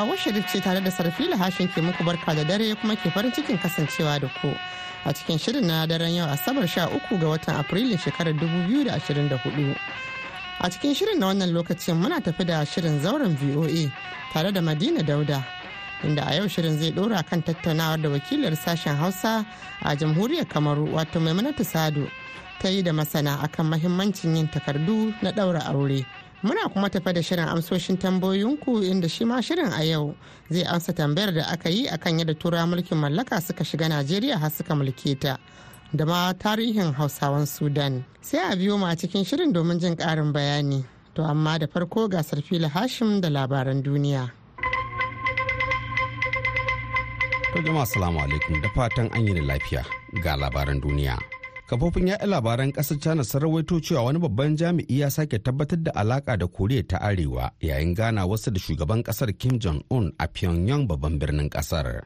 Hawa washe ce tare da Sarfila Hashin ke muku barka da dare kuma ke farin cikin kasancewa da ku. A cikin shirin na daren yau Asabar Sha uku ga watan Afrilun shekarar 2024. A cikin shirin na wannan lokacin muna tafi da shirin zauren VOA tare da Madina Dauda. Inda a yau shirin zai dora kan tattaunawar da wakilar sashen Hausa a jamhuriyar Kamaru wato Maimunatu Sado ta yi da masana akan mahimmancin yin takardu na daura aure. Muna kuma tafa da shirin amsoshin tambayoyinku inda shi ma shirin a yau zai amsa tambayar da aka yi akan yadda turawa mulkin mallaka suka shiga Najeriya har suka mulke ta da ma tarihin Hausawan Sudan. Sai a biyo ma cikin shirin domin jin ƙarin bayani. To amma da farko ga Sarfila Hashim da labaran duniya. To jama'a salamu alaikum da fatan an yi lafiya ga labaran duniya. kafofin yaɗa labaran ƙasar china sun rawaito cewa wani babban jami'i ya sake tabbatar da alaka da koriya ta arewa yayin gana wasu da shugaban ƙasar kim jong-un a pyongyang babban birnin ƙasar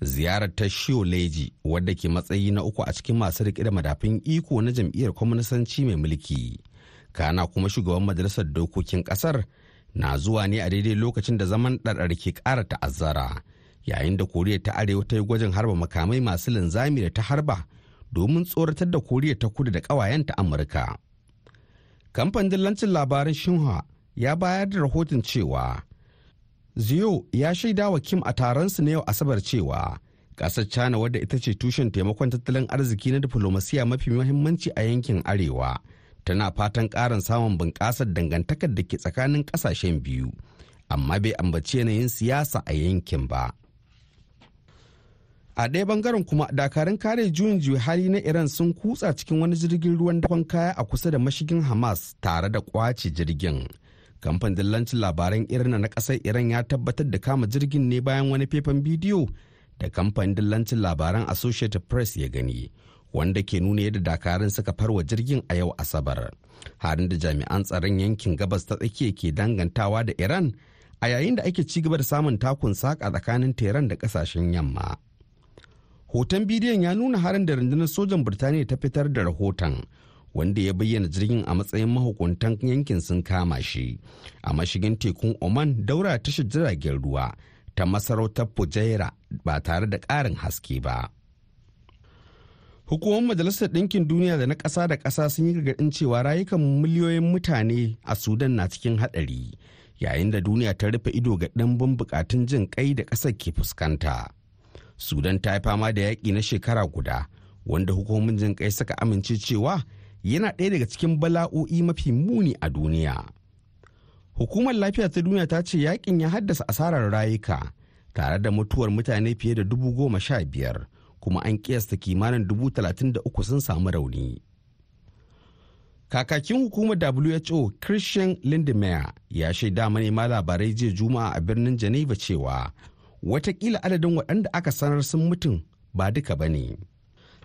ziyarar ta shio leji wadda ke matsayi na uku a cikin masu riƙe da madafin iko na jam'iyyar kwamnisanci mai mulki kana kuma shugaban majalisar dokokin ƙasar na zuwa ne a daidai lokacin da zaman ɗarɗar ke ƙara ta'azzara yayin da koriya ta arewa ta yi gwajin harba makamai masu linzami da ta harba domin tsoratar da koriya ta kudu da ƙawayenta amurka kamfanin dillancin labarin shinhua ya bayar da rahoton cewa Zio ya shaida wa kim a taronsu na yau asabar cewa ƙasar china wadda ita ce tushen taimakon tattalin arziki na diflomasiya mafi muhimmanci a yankin arewa tana fatan ƙarin samun bunƙasar dangantakar da ke tsakanin ƙasashen biyu amma bai ambaci yanayin siyasa a yankin ba a ɗaya bangaren kuma dakarun kare juyin juyi hali na iran sun kutsa cikin wani jirgin ruwan dakon kaya a kusa da mashigin hamas tare da kwace jirgin Kamfan dillancin labaran irin na ƙasar iran ya tabbatar da kama jirgin ne bayan wani faifan bidiyo da kamfanin dillancin labaran associated press ya gani wanda ke nuna yadda dakarun suka farwa jirgin a yau asabar harin da jami'an tsaron yankin gabas ta tsakiya ke dangantawa da iran a yayin da ake ci gaba da samun takun saƙa tsakanin teran da ƙasashen yamma hoton bidiyon ya nuna harin da rundunar sojan birtaniya ta fitar da rahoton wanda ya bayyana jirgin a matsayin mahukuntan yankin sun kama shi a mashigin tekun oman daura tashar jiragen ruwa ta masarautar fujaira ba tare da ƙarin haske ba hukumar majalisar ɗinkin duniya da na ƙasa da ƙasa sun yi gargaɗin cewa rayukan miliyoyin mutane a sudan na cikin haɗari yayin da duniya ta rufe ido ga ɗimbin buƙatun jin kai da ƙasar ke fuskanta sudan ta yi fama da yaƙi na shekara guda wanda hukumomin jin kai suka amince cewa yana ɗaya daga cikin bala'o'i mafi muni a duniya hukumar lafiya ta duniya ta ce yaƙin ya haddasa asarar rayuka tare da mutuwar mutane fiye da dubu goma sha biyar kuma an kiyasta kimanin dubu talatin da uku sun samu rauni kakakin hukumar who christian lindemeyer ya shaida manema labarai jiya juma'a a birnin geneva cewa watakila adadin waɗanda aka sanar sun mutum ba duka ba ne.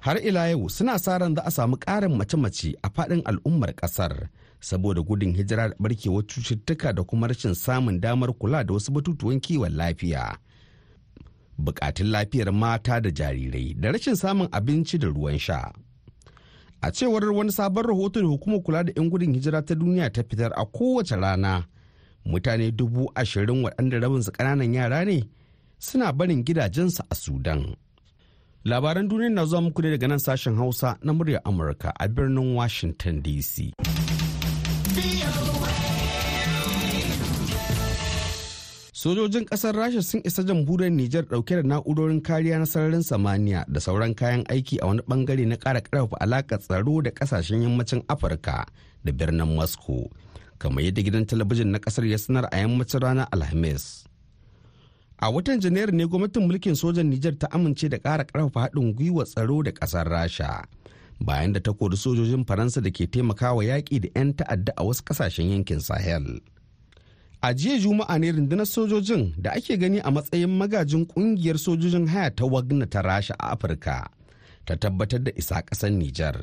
Har ila yau suna sa ran za a samu ƙarin mace-mace a faɗin al'ummar ƙasar saboda gudun hijira da barkewar cututtuka da kuma rashin samun damar kula da wasu batutuwan kiwon lafiya. Bukatun lafiyar mata da jarirai da rashin samun abinci da ruwan sha. A cewar wani sabon rahoton hukumar kula da 'yan gudun hijira ta duniya ta fitar a kowace rana mutane dubu ashirin waɗanda rabinsu ƙananan yara ne suna barin gidajensa a Sudan. Labaran duniya na zuwa muku ne daga nan sashen Hausa na muryar Amurka a birnin Washington DC. Sojojin ƙasar Rasha sun isa jamhuriyar Nijar ɗauke da na'urorin kariya na sararin samaniya da sauran kayan aiki a wani bangare na ƙara ƙarfafa alakar tsaro da ƙasashen yammacin Afirka da birnin Moscow, kamar yadda gidan talabijin na ƙasar ya sanar a yammacin ranar Alhamis. a watan janairu ne gwamnatin mulkin sojan nijar ta amince da ƙara ƙarfafa haɗin gwiwa tsaro da ƙasar rasha bayan da ta kori sojojin faransa da ke taimakawa yaƙi da 'yan ta'adda a wasu ƙasashen yankin sahel a jiya juma'a ne rundunar sojojin da ake gani a matsayin magajin ƙungiyar sojojin haya ta wagna ta rasha a afirka ta tabbatar da isa ƙasar nijar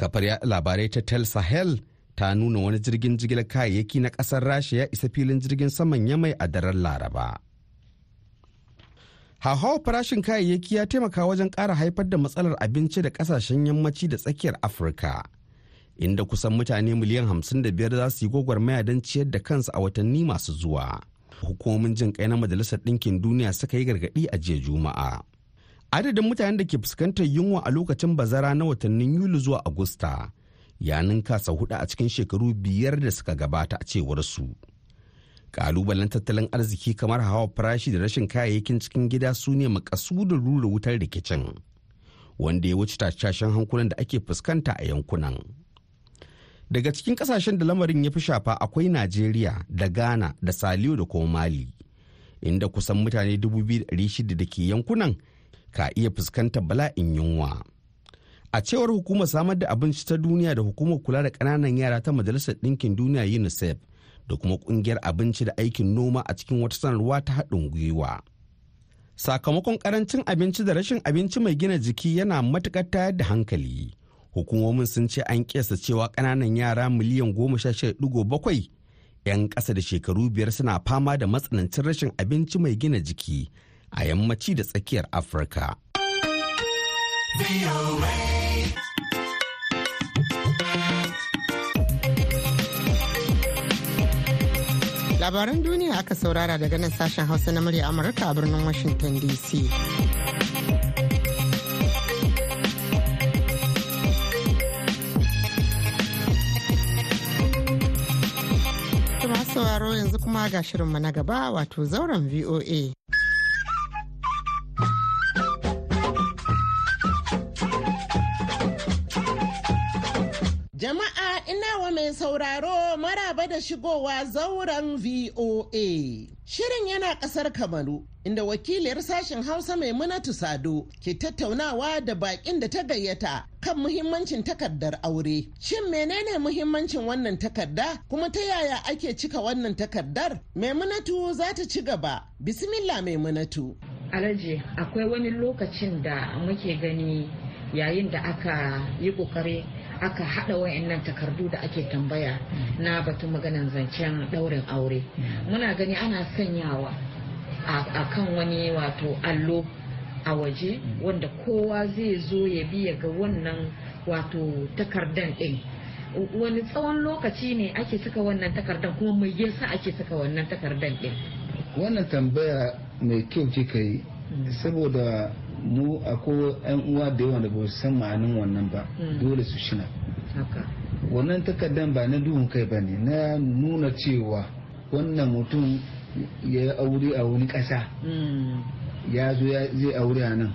kafar yaɗa labarai ta tel sahel ta nuna wani jirgin jigilar kayayyaki na ƙasar rasha ya isa filin jirgin saman yamai a daren laraba hauhawar farashin kayayyaki ya taimaka wajen ƙara haifar da matsalar abinci da ƙasashen yammaci da tsakiyar afirka inda kusan mutane miliyan 55 za su yi gwagwarmaya don ciyar da kansu a watanni masu zuwa hukumomin jin kai na majalisar ɗinkin duniya suka yi gargaɗi a jiya juma'a adadin mutanen da ke fuskantar yunwa a lokacin bazara na watannin yuli zuwa agusta ya ninka sau hudu a cikin shekaru biyar da suka gabata a cewar su kalubalen tattalin arziki kamar hawa farashi da rashin kayayyakin cikin gida su ne makasudin rura wutar rikicin wanda ya wuce tashashen hankulan da ake fuskanta a yankunan daga cikin kasashen da lamarin ya fi shafa akwai najeriya da ghana da saliyo da kuma mali inda kusan mutane 2,600 da ke yankunan ka iya fuskanta bala'in yunwa a cewar hukumar samar da abinci ta duniya da hukumar kula da ƙananan yara ta majalisar ɗinkin duniya unicef da kuma kungiyar abinci da aikin noma a cikin wata sanarwa ta haɗin gwiwa. Sakamakon karancin abinci da rashin abinci mai gina jiki yana matuƙar tayar da hankali. Hukumomin sun ce an kesa cewa ƙananan yara miliyan goma sha shida ɗigo bakwai 'yan ƙasa da shekaru biyar suna fama da matsanancin rashin abinci mai gina jiki a yammaci da tsakiyar Afirka. labaran duniya aka saurara daga nan sashen hausa na murya amurka a birnin washington dc sauraro yanzu kuma ga shirinmu na gaba wato zauren voa mai sauraro maraba da shigowa zauren VOA. Shirin yana ƙasar Kamaru, inda wakiliyar sashen Hausa mai Maimunatu Sado ke tattaunawa da baƙin da ta gayyata kan muhimmancin takardar aure. Shin menene muhimmancin wannan takarda kuma ta yaya ake cika wannan takardar? Maimunatu za ta ci gaba. Bismillah Maimunatu. Alhaji akwai wani lokacin da muke gani yayin da aka yi ƙoƙari aka haɗa wayannan takardu da ake tambaya na batun maganan zancen ɗaurin aure mm. muna gani ana sanyawa a kan wani wato allo a waje mm. wanda kowa zai zo ya biya ga wannan wato takardan ɗin wani tsawon lokaci ne ake saka wannan takardan kuma mai yasa ake saka wannan takardan ɗin wannan tambaya mai kyau ce kai mm. saboda mu akwai yan uwa da yawa da ba su san ma'anin wannan ba mm. dole su shina wannan takardan ba na duhun kai ba ne na nuna cewa wannan mutum ya aure a wani ƙasa mm. ya zo zai aure a nan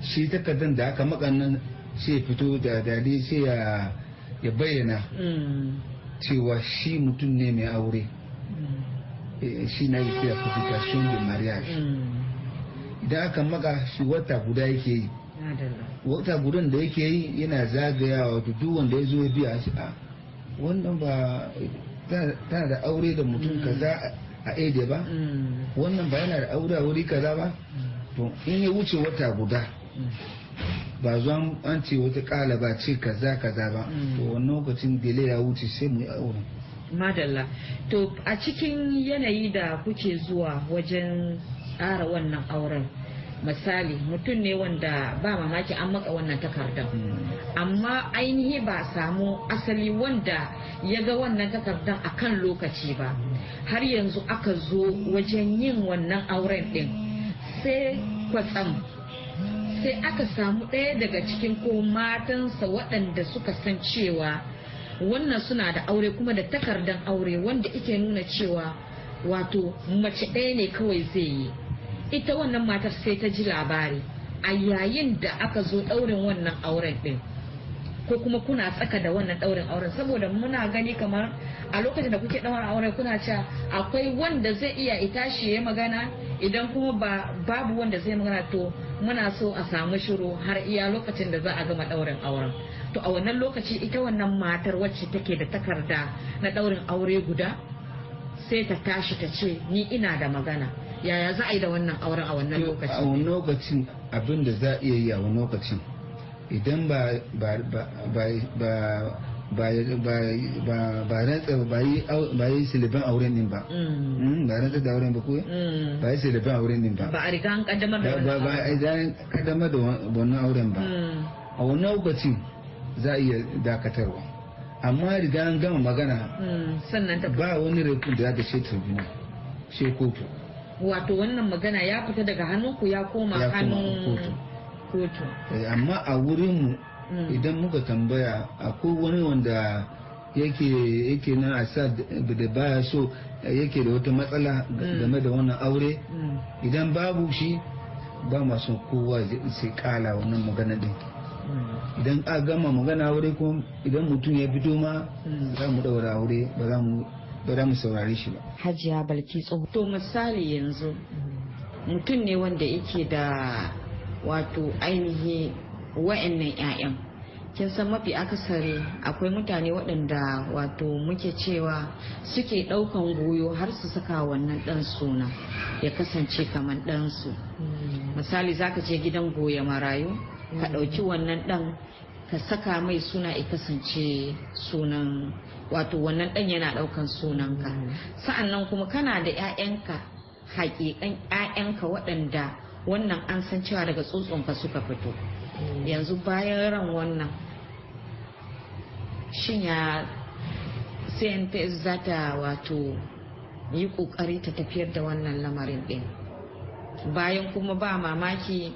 shi takardan da aka makannan ya fito da dali shi ya bayyana mm. cewa shi mutum ne mai aure eh, shi na yi fiya publication de mariage idan aka maka shi wata guda yake yi wata gudan da yake yi yana zagayawa wato duk wanda ya zo ya biya shi a wannan ba tana da aure da mutum mm. kaza a aide ba mm. wannan ba yana da aure a wuri kaza ba mm. to in ya wuce wata guda ba zuwa an ce wata kala ba ce kaza kaza ba to wannan lokacin dele ya wuce sai mu yi auren madalla to a cikin yanayi da kuke zuwa wajen Tsara wannan auren misali mutum ne wanda ba mamaki an maka wannan takardar amma ainihi ba samu asali wanda ya ga wannan takardar a kan lokaci ba har yanzu aka zo wajen yin wannan auren ɗin sai kwatsam sai aka samu ɗaya daga cikin ko matansa waɗanda suka san cewa wannan suna da aure kuma da takardar aure wanda ike nuna cewa wato mace ɗaya ne kawai zai yi ita wannan matar sai ta ji labari a yayin da aka zo ɗaurin wannan auren ɗin ko kuma kuna tsaka da wannan ɗaurin auren saboda muna gani kamar a lokacin da kuke ɗaura auren kuna cewa akwai wanda zai iya ita shi ya magana idan kuma ba babu wanda zai magana to muna so a samu shiru har iya lokacin da za a gama ɗaurin auren to a wannan lokaci ita wannan matar wacce take da takarda na ɗaurin aure guda sai ta tashi ta ce ni ina da magana yaya za a yi da wannan auren a wannan lokacin a wannan lokacin abin da za a iya yi a wannan lokacin idan ba ba ba rantsa ba yi silibin auren din ba mm. hmm, ba rantsa da auren ba ko mm. ba yi silibin auren din ba ba a riga an kaddamar da wannan ba a an kaddamar da wannan auren ba mm. a wannan lokacin za a iya dakatarwa amma riga an gama magana hmm, ba wani rikun da ya da shi tribunal shi kotu wato wannan magana ya fita daga hannunku ya koma hannun kotu eh, amma a wurinmu hmm. idan muka tambaya akwai wani wanda yake nan a sa da baya so eh, yake da wata matsala hmm. game da wannan aure idan babu shi ba masu kowa sai kala wannan magana din idan a gama magana aure ko idan mutum ya fito ma za mu daura aure ba za mu ba shi ba hajiya balki tsoho to misali yanzu mutum ne wanda yake da wato ainihi wa'annan 'ya'yan kin san mafi akasari akwai mutane waɗanda wato muke cewa suke ɗaukan goyo har su saka wannan ɗan suna ya kasance kamar ɗansu hmm. misali zaka je gidan goya marayu ka mm. ɗauki wannan ɗan ka saka mai suna ya kasance sunan wato wannan ɗan yana ɗaukan sunanka mm. sa'annan kuma kana da 'ya'yanka haƙiƙan 'ya'yanka waɗanda wannan an san cewa daga tsuntsunka suka fito mm. yanzu bayan ran wannan shin ya cnps za ta wato yi ƙoƙari ta tafiyar da wannan lamarin ɗin. bayan kuma ba mamaki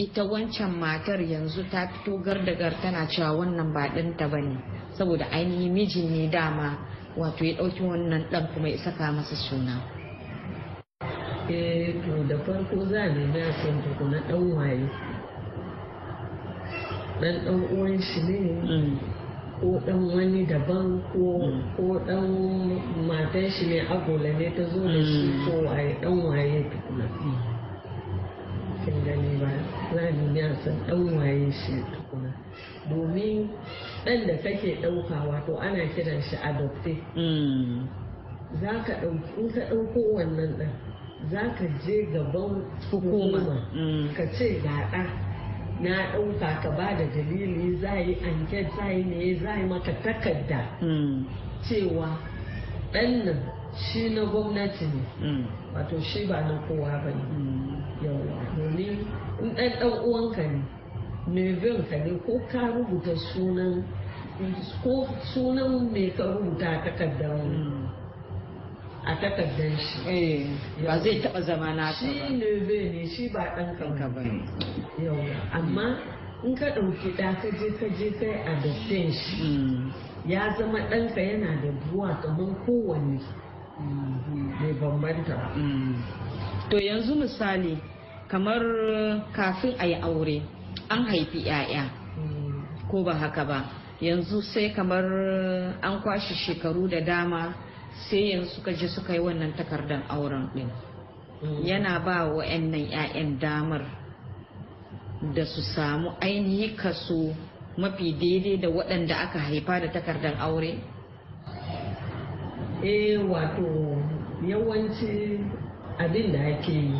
ita wancan matar yanzu ta fito gardagar tana cewa wannan ba ɗinta ba ne saboda ainihin mijin ne dama wato ya ɗauki wannan ɗan kuma ya saka masa suna. Eh, to da farko za a nemi san tukuna ɗan waye ɗan ɗan uwan shi ne mm. ko ɗan wani daban mm. ko ɗan matan shi ne agola ne ta zo da shi mm. ko waye ɗan waye tukuna. ne a san ɗauwaye shi tukuna domin ɗan da kake ɗauka wato ana kiran shi adopte mm. za ka ɗauki ka ɗauko wannan ɗan za ka je gaban hukuma mm. ka ce gaɗa na ɗauka ka ba da dalili za yi anket za yi ne za yi maka takarda mm. cewa ɗan nan shi na gwamnati ne wato shi ba na kowa ba ne yawa domin in ɗan ɗan uwanka ne nevin ka ne ko ka rubuta sunan ko sunan mai ka rubuta a takardar a takardar shi eh, ba zai taɓa zama na shi nevin ne shi ba ɗan kanka ba ne amma in ka ɗauki ɗa ka je ka je kai a dafin shi hmm. ya zama ɗanka yana da buwa kamar kowane hmm. bai bambanta hmm. to yanzu misali kamar kafin a yi aure an haifi 'ya'ya ko ba haka ba yanzu sai kamar an kwashe shekaru da dama sai yanzu suka je suka yi wannan takardar auren din yana ba wa 'ya'yan damar da su samu ainihi kaso mafi daidai da waɗanda aka haifa da takardar aure? eh wato yawanci abin da ake yi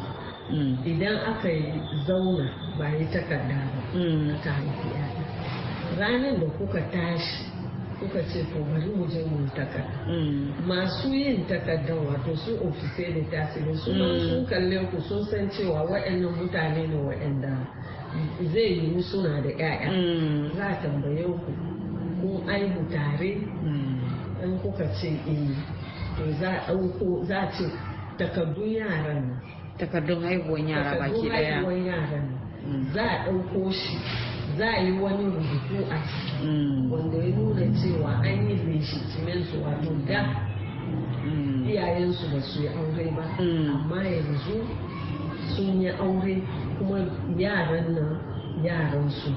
Mm. idan aka yi zauna ba yi takarda ba ta mm. haifi ranar da kuka tashi kuka ce to bari mu je mu takarda mm. masu yin takarda wato su ofisai da tasiri su sun kalle ku sun san cewa waɗannan mutane ne waɗanda zai yi suna da 'ya'ya za a tambaye ku kun aihu tare in kuka ce eh to za a ce takardun yaran takardun haihuwan yara baki daya mm. za a ɗauko shi za a yi wani rubutu a mm. wanda ya nuna cewa an yi bincikimen su wato da mm. iyayensu ba su yi aure ba amma yanzu sun yi aure kuma yaran nan yaran su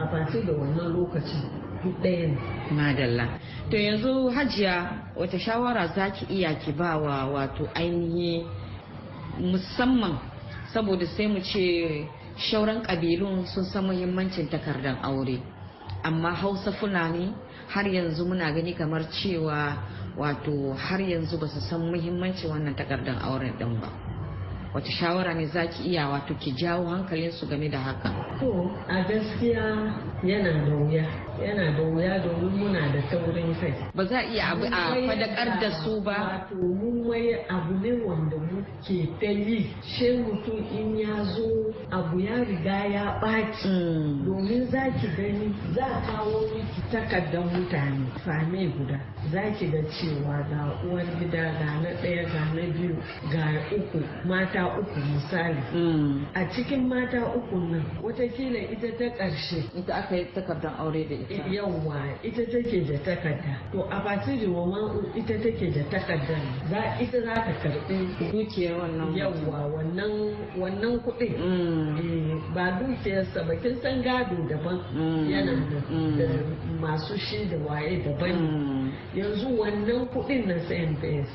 a partir da wannan lokacin duk ɗaya ne madalla to yanzu hajiya wata shawara za ki iya ki ba wa wato ainihin musamman saboda sai mu ce shauran ƙabilun sun san muhimmancin takardar aure amma hausa fulani har yanzu muna gani kamar cewa wato har yanzu ba su san muhimmancin wannan takardar auren din ba wata shawara ne za ki iya wato ki jawo hankalinsu game da haka to a gaskiya yana da wuya yana da wuya domin muna da saurin kai ba za a iya abu a fadakar da su ba wato mun wai abu ne wanda muke ta yi shi mutum in ya zo abu ya riga ya ɓaci. Mm. domin za ki gani za a kawo miki takardar mutane same guda za ki ga cewa ga uwar gida ga na ɗaya ga na biyu ga uku mata uku misali mm. a cikin mata uku nan watakila ita ta ƙarshe ita aka yi takardar aure da yawwa ita take da takarda to a partir da ita take da takardar za ita za ta karbi dukiyar wannan yawwa wannan wannan kuɗin mm. eh, ba dukiyarsa ba kin san gado daban mm. yana mm. da masu shi da waye daban yanzu wannan kuɗin na CNPS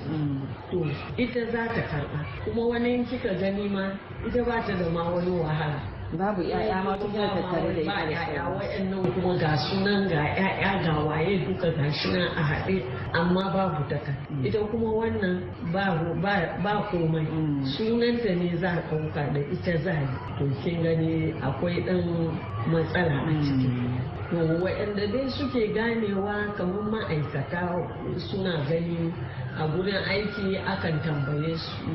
to ita za ta karba kuma wani kika gani ma ita ba ta da ma wani wahala babu yaya ma tun da tattare da ita da yaya waɗannan kuma ga sunan ga yaya ga waye duka ga shi a haɗe amma babu daka mm. ita kuma wannan ba komai mm. sunanta ne za a ɗauka da ita za a to kin gani akwai ɗan matsala a mm. ciki to waɗanda dai suke ganewa kamar ma'aikata suna gani a gurin aiki akan tambaye su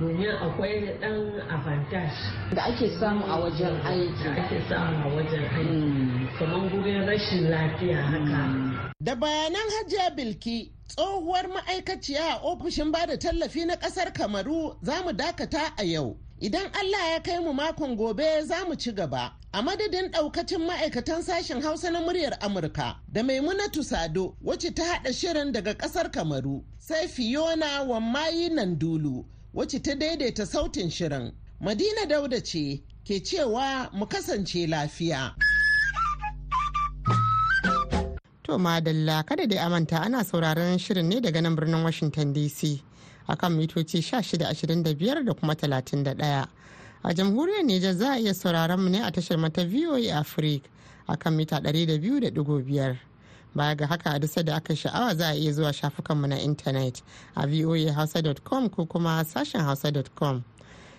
domin akwai dan avantage da ake samu a wajen aiki da ake samu a wajen aiki hmm. kamar gurin rashin lafiya haka hmm. da bayanan hajiya bilki tsohuwar ma'aikaciya a ofishin bada tallafi na kasar kamaru za mu dakata a yau idan allah ya kai mu makon gobe za mu ci gaba a madadin daukacin ma'aikatan sashen hausa na muryar amurka da maimunatu sado wacce ta haɗa shirin daga ƙasar kamaru sai fiona wammayi nan dulu wacce ta daidaita sautin shirin. Madina Dauda ce ke cewa mu kasance lafiya. To madalla kada dai amanta ana sauraron shirin ne daga nan birnin Washington DC akan mitoci 1625 da kuma 31. A jamhuriyar Nijar za a iya sauraron mu ne a tashar mata VOA Africa akan mita 200.5. baya ga haka a duk da aka sha'awa za a iya zuwa shafukanmu na intanet a voahausa.com ko kuma sashen hausa.com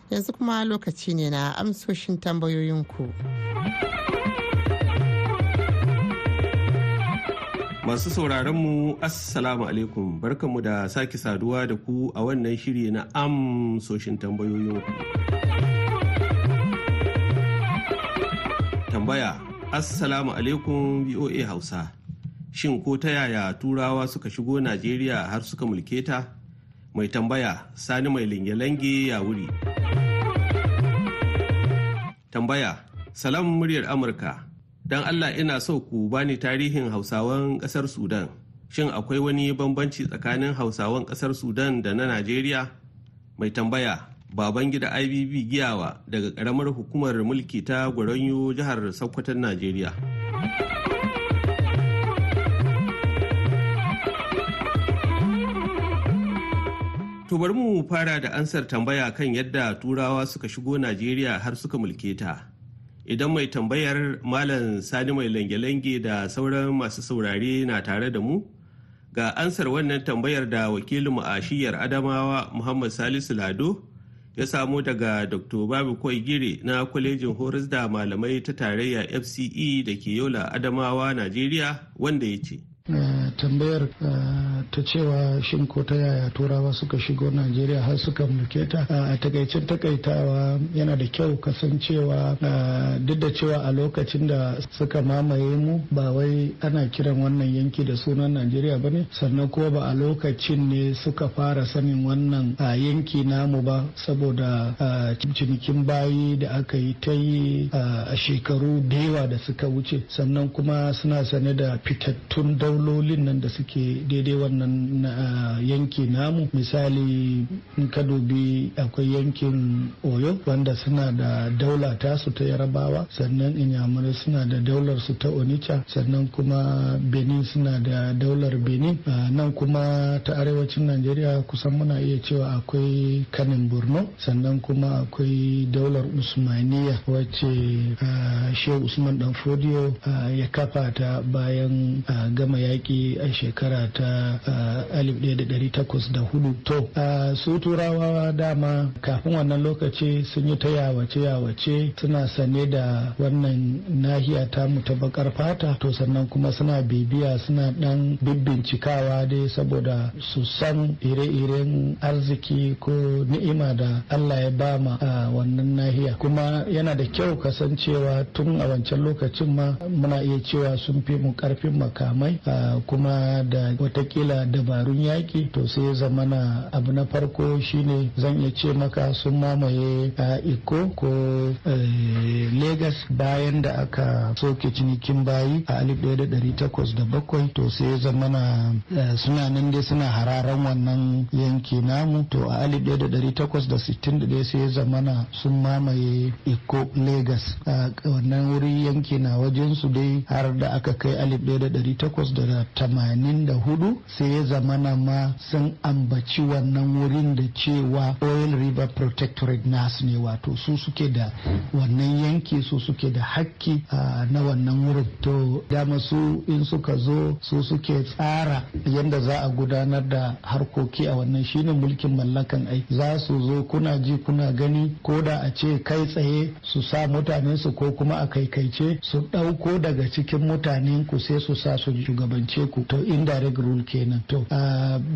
yanzu kuma lokaci ne na amsoshin tambayoyinku masu sauraronmu assalamu alaikum barkanmu da sake saduwa da ku a wannan shiri na amsoshin tambayoyinku tambaya assalamu alaikum voa hausa shin ko ta yaya turawa suka shigo najeriya har suka mulke ta mai tambaya sani mai linge-lange ya wuri tambaya salam muryar amurka don allah ina so ku bani tarihin hausawan kasar sudan shin akwai wani bambanci tsakanin hausawan kasar sudan da na najeriya mai tambaya baban gida ibb giyawa daga ƙaramar hukumar mulki ta gwaranyo jihar sokoton najeriya To bari mu fara da ansar tambaya kan yadda turawa suka shigo Najeriya har suka mulke ta. Idan mai tambayar Malam Sani mai lange-lange da sauran masu saurare na tare da mu, ga ansar wannan tambayar da wakilinmu a shiyar Adamawa Muhammad Salisu Lado ya samo daga Dr. Babu kwai Gire na kwalejin horis da malamai ta tarayya FCE da ke Yola Adamawa Najeriya wanda ya ce. Eh, tambayar eh, ta cewa shin ko ta yaya turawa suka shigo najeriya har suka mulke ta eh, a takaicin takaitawa yana da kyau kasancewa duk da cewa a lokacin da suka mamaye mu ba wai ana kiran wannan yanki da sunan najeriya ba ne sannan kuma ba a lokacin ne suka fara sanin wannan yanki namu ba saboda cinikin bayi da aka yi ta yi a shekaru da yawa da suka wuce sannan kuma suna sane da fitattun dau. daulolin nan da suke daidai wannan na eh, yanki namu misali in ka dubi akwai yankin oyo wanda suna da daula tasu ta yarabawa sannan inyamurai suna da daular su ta onitsha sannan kuma benin suna da daular benin eh, nan kuma ta arewacin najeriya kusan muna iya cewa akwai kanin borno sannan kuma akwai daular usmaniya wacce eh, shehu usman dan fodiyo ya kafa ta bayan gama yaƙi a shekara ta 1804 to su turawa dama kafin wannan lokaci sun yi ta yawace yawace suna sane da wannan nahiya ta mu ta bakar fata to sannan kuma suna bibiya suna dan bibbincikawa dai saboda su san ire-iren arziki ko ni'ima da Allah ya bama a wannan nahiya kuma yana da kyau kasancewa tun a wancan lokacin ma muna iya cewa sun fi mu karfin makamai a kuma da watakila dabarun yaƙi to sai zamana abu na farko shine zan iya ce maka sun mamaye a iko ko Legas bayan da aka soke cinikin bayi a 1807 to sai zamana suna nan dai suna hararan wannan yanki namu to a 1861 sai zamana sun mamaye iko Legas a wannan wuri yanki na wajensu dai har da aka kai 1800 da tamanin da hudu sai ya ma sun ambaci wannan wurin da cewa oil river protectorate nas ne wato su suke da wannan yanki su suke da hakki na wannan wurin to dama su in suka zo su suke tsara yadda za a gudanar da harkoki a wannan shine mulkin mallakan aiki za su zo kuna ji kuna gani ko da a ce kai tsaye su sa mutanen su ko kuma a kaikaice su ɗauko daga cikin mutanen ku sai su sa su shugaban shugabance ku to indirect rule kenan to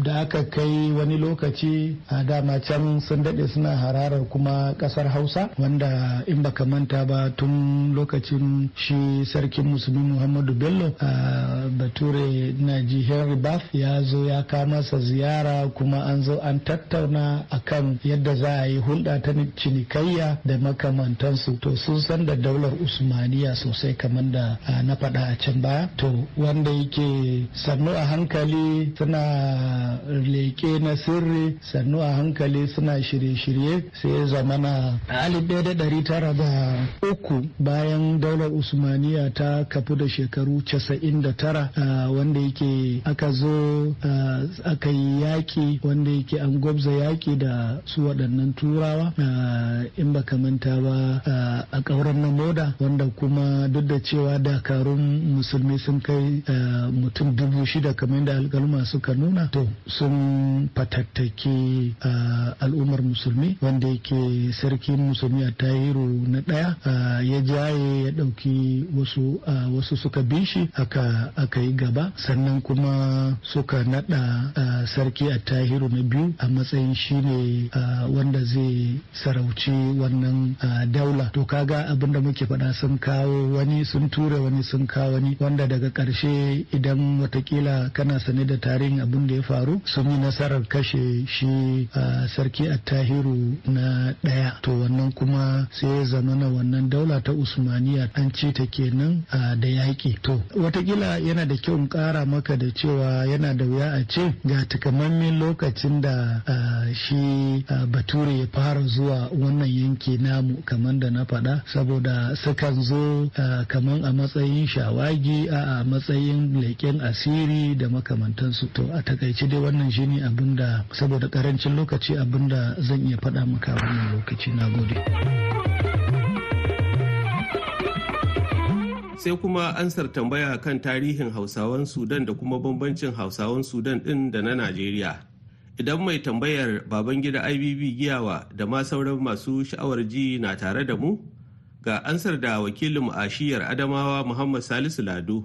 da aka kai wani lokaci a dama can sun daɗe suna hararar kuma ƙasar hausa wanda in baka manta ba tun lokacin shi sarkin musulmi muhammadu bello a bature na ji henry bath ya zo ya kama sa ziyara kuma an zo an tattauna a kan yadda za a yi hulɗa ta cinikayya da makamantansu to sun san da daular usmaniya sosai kamar da na faɗa a can baya to wanda yake suke sannu a hankali suna leke na sirri sannu a hankali suna shirye-shirye sai zamana a alif tara da uku bayan daular usmaniya ta kafu da shekaru casa'in da tara wanda yake aka zo aka yi yaƙi wanda yake an gwabza yaƙi da su waɗannan turawa in ba ta ba a ƙauren na moda wanda kuma duk da cewa dakarun musulmi sun kai mutum dubu shida kamar yadda alkalma suka nuna to sun fatattake al'ummar musulmi wanda yake sarki musulmi a tahiru na ɗaya ya jaye ya ɗauki wasu wasu suka bi shi aka yi gaba sannan kuma suka naɗa sarki a tahiru na biyu a matsayin shine wanda zai sarauci wannan daula to kaga abinda muke faɗa sun kawo wani sun ture wani sun kawo wani wanda daga ƙarshe idan watakila kana sane da tarihin abin da ya faru sun yi nasarar kashe shi a sarki attahiru na ɗaya to wannan kuma sai ya zamana wannan daula ta usmaniya an ce ta kenan da yaƙi to watakila yana da kyau in ƙara maka da cewa yana da wuya a ce ga takamammen lokacin da shi bature ya fara zuwa wannan yanki namu kamar da na faɗa saboda sukan zo kamar a matsayin shawagi a matsayin leƙen asiri da makamantansu to a takaice dai wannan shine abin da saboda karancin lokaci abinda zan iya faɗa maka wannan lokaci na gode sai kuma ansar tambaya kan tarihin hausawan sudan da kuma bambancin hausawan sudan ɗin da na najeriya idan mai tambayar babangida gida ibb giyawa da ma sauran masu sha'awar ji na tare da mu ga ansar da wakilin ashiyar adamawa muhammad salisu lado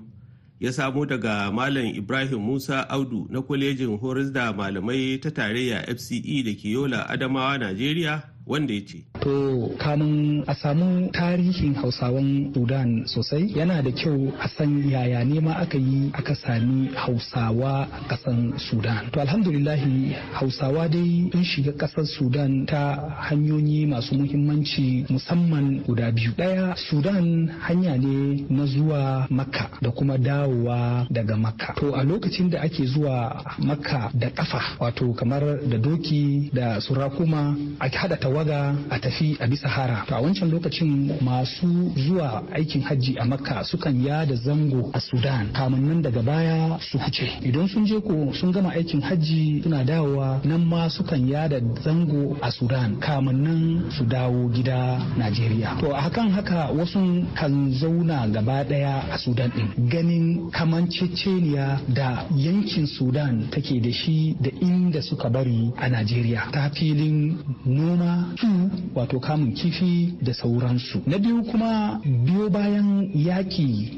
ya samo daga Malam Ibrahim Musa Audu na kwalejin horis da malamai ta tarayya FCE da ke Yola Adamawa Najeriya wanda ya ce. to kamun a samu tarihin hausawan sudan sosai yana da kyau a san yaya ne ma aka yi aka sami hausawa a kasan sudan to alhamdulillahi hausawa dai sun shiga kasar sudan ta hanyoyi masu muhimmanci musamman guda biyu daya sudan hanya ne na zuwa makka da kuma dawowa daga makka to a lokacin da ake zuwa makka da kafa wato kamar da doki da surakuma a haɗa tawaga a tafi tafi a bisa hara to a wancan lokacin masu zuwa aikin hajji a makka sukan yada zango a sudan kamun nan daga baya su fice idan sun je ko sun gama aikin hajji suna dawowa nan ma sukan yada zango a sudan kamun nan su dawo gida najeriya to a hakan haka wasu kan zauna gaba daya a sudan din ganin kamanceceniya da yankin sudan take da shi da inda suka bari a najeriya ta filin noma su wato kamun kifi da sauransu na biyu kuma biyo bayan yaƙi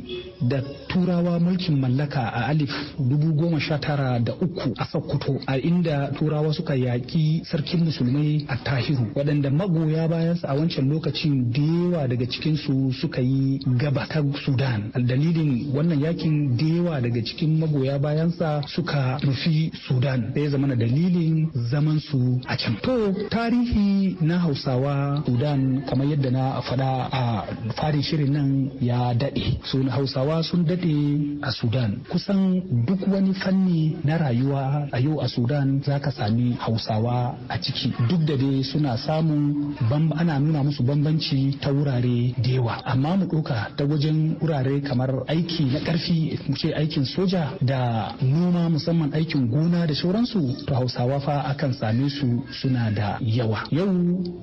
da turawa mulkin mallaka a alif dubu goma sha tara da uku a sakkuto a inda turawa suka yaƙi sarkin musulmai a tahiru waɗanda magoya bayansa a wancan lokacin da yawa daga cikinsu suka yi gaba ta sudan a dalilin wannan yakin da yawa daga cikin magoya bayansa suka rufi sudan da zama na dalilin zamansu a can to tarihi na hausawa cewa sudan kamar yadda na faɗa a farin shirin nan ya daɗe so hausawa sun daɗe a sudan kusan duk wani fanni na rayuwa a yau a sudan za ka sami hausawa a ciki duk da dai suna samun ana nuna musu bambanci ta wurare da yawa amma mu ɗauka ta wajen wurare kamar aiki na ƙarfi ce aikin soja da noma musamman aikin gona da sauransu to hausawa fa akan same su suna da yawa yau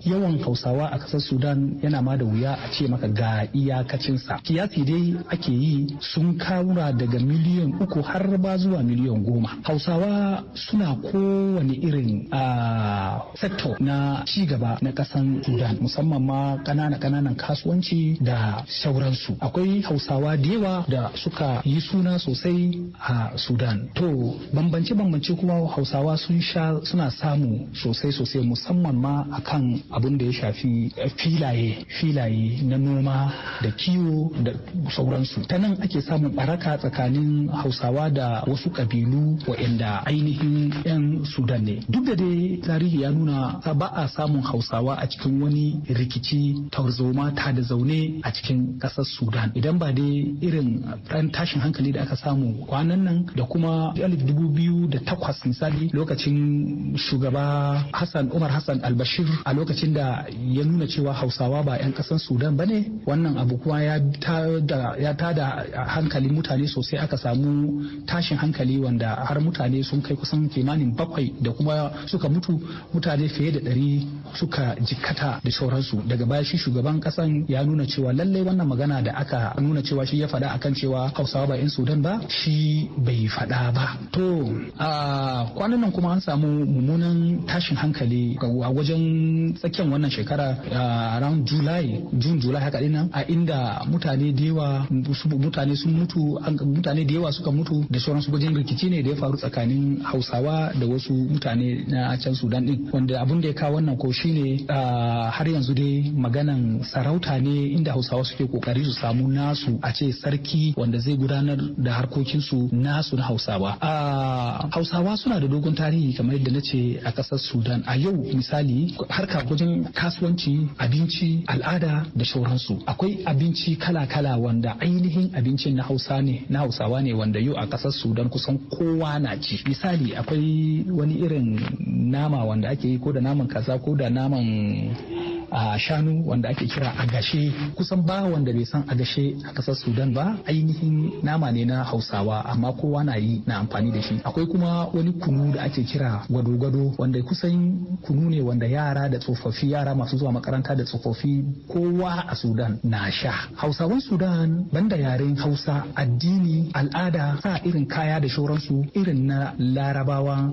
yawan yawan hausawa a kasar sudan yana ma da wuya a ce maka ga iyakacinsa kiyasi dai ake yi sun kawura daga miliyan uku har ba zuwa miliyan goma hausawa suna kowane irin a sektor na cigaba na kasan sudan musamman ma kanana kananan kasuwanci da sauransu akwai hausawa da yawa da suka yi suna sosai a sudan to bambance-bambance kuma hausawa sun sha suna samu sosai sosai musamman ma akan abin da da ya shafi eh, filaye filaye na noma da kiwo da sauransu ta nan ake samun baraka tsakanin hausawa da wasu kabilu waɗanda ainihin 'yan sudan ne duk da dai tarihi ya nuna ba a samun hausawa a cikin wani rikici tarzoma ta da zaune a cikin ƙasar sudan idan ba dai irin ɗan tashin hankali da aka samu kwanan nan da kuma takwas misali lokacin shugaba hassan umar hassan albashir a lokacin da ya nuna cewa hausawa ba 'yan kasan sudan ba ne wannan abu kuma ya tada hankalin mutane sosai aka samu tashin hankali wanda har mutane sun kai kusan kimanin bakwai da kuma suka mutu mutane fiye da ɗari suka jikkata da sauransu daga baya shi shugaban kasan ya nuna cewa lallai wannan magana da aka nuna cewa shi ya faɗa akan cewa hausawa ba 'yan sudan ba shi bai faɗa ba to a kwanan nan kuma an samu mummunan tashin hankali a wajen tsakiyar wannan wannan shekara ran julai jun julai haka dinnan a inda mutane da yawa mutane sun mutu mutane da yawa suka mutu da su wajen rikici ne da ya faru tsakanin Hausawa da wasu mutane na can Sudan din wanda abun da ya kawo wannan ko shine har yanzu dai maganan sarauta ne inda Hausawa suke kokari su samu nasu a ce sarki wanda zai gudanar da harkokinsu nasu na Hausawa Hausawa suna da dogon tarihi kamar yadda na ce a kasar Sudan a yau misali harka wajen kasuwanci abinci al'ada da sauransu akwai abinci kala-kala wanda ainihin abincin na hausa ne na hausawa ne wanda yau a ƙasar sudan kusan kowa na ci misali akwai wani irin nama wanda ake yi ko da naman kaza ko da naman a shanu wanda ake kira agashe kusan ba wanda bai san agashe a kasar sudan ba ainihin nama ne na hausawa amma kowa na yi na amfani da shi akwai kuma wani kunu da ake kira gwado-gwado wanda kusan kunu ne wanda yara da tsofaffi yara masu zuwa makaranta da tsofaffi kowa a sudan na sha hausawan sudan banda yaren hausa addini al'ada sa irin kaya da shoransu irin na larabawa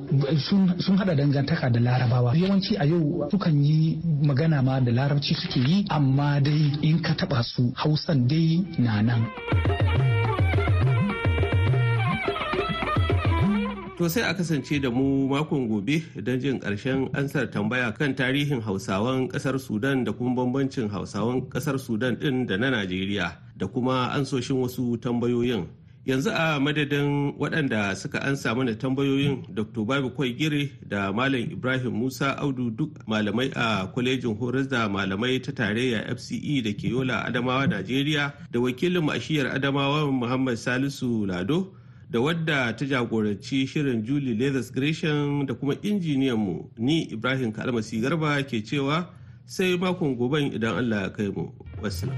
sun hada dangantaka da larabawa yawanci a yau sukan yi magana ma da da larabci suke yi amma dai in ka taba su hausan dai na nan To sai a kasance da mu makon gobe don jin ƙarshen ansar tambaya kan tarihin Hausawan ƙasar Sudan da kuma bambancin Hausawan ƙasar Sudan ɗin da na Najeriya da kuma ansoshin wasu tambayoyin. yanzu a madadin waɗanda suka ansa mana tambayoyin dr babu kwai gire da malam ibrahim musa audu duk malamai a kwalejin horas da malamai ta tarayya fce da ke yola adamawa najeriya da wakilin ashiyar adamawa muhammad salisu lado da wadda ta jagoranci shirin julie leathers gresham da kuma mu ni ibrahim kalmasi garba ke cewa sai makon gobe idan allah ya kai mu wasu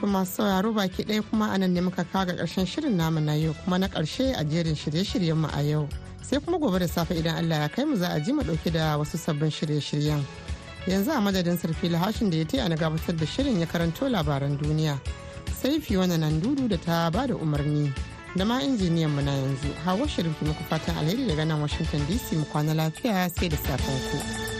To masu sauraro baki ɗaya kuma anan ne muka kaga ƙarshen shirin namu na yau kuma na ƙarshe a jerin shirye-shiryen mu a yau. Sai kuma gobe da safe idan Allah ya kai mu za a ji mu ɗauki da wasu sabbin shirye-shiryen. Yanzu a madadin sarfi lahashin da ya taya na gabatar da shirin ya karanto labaran duniya. Sai fi wani nan dudu da ta ba da umarni. Da ma injiniyan mu na yanzu. Hawa Sharif muku fatan alheri daga nan Washington DC mu kwana lafiya sai da safen ku.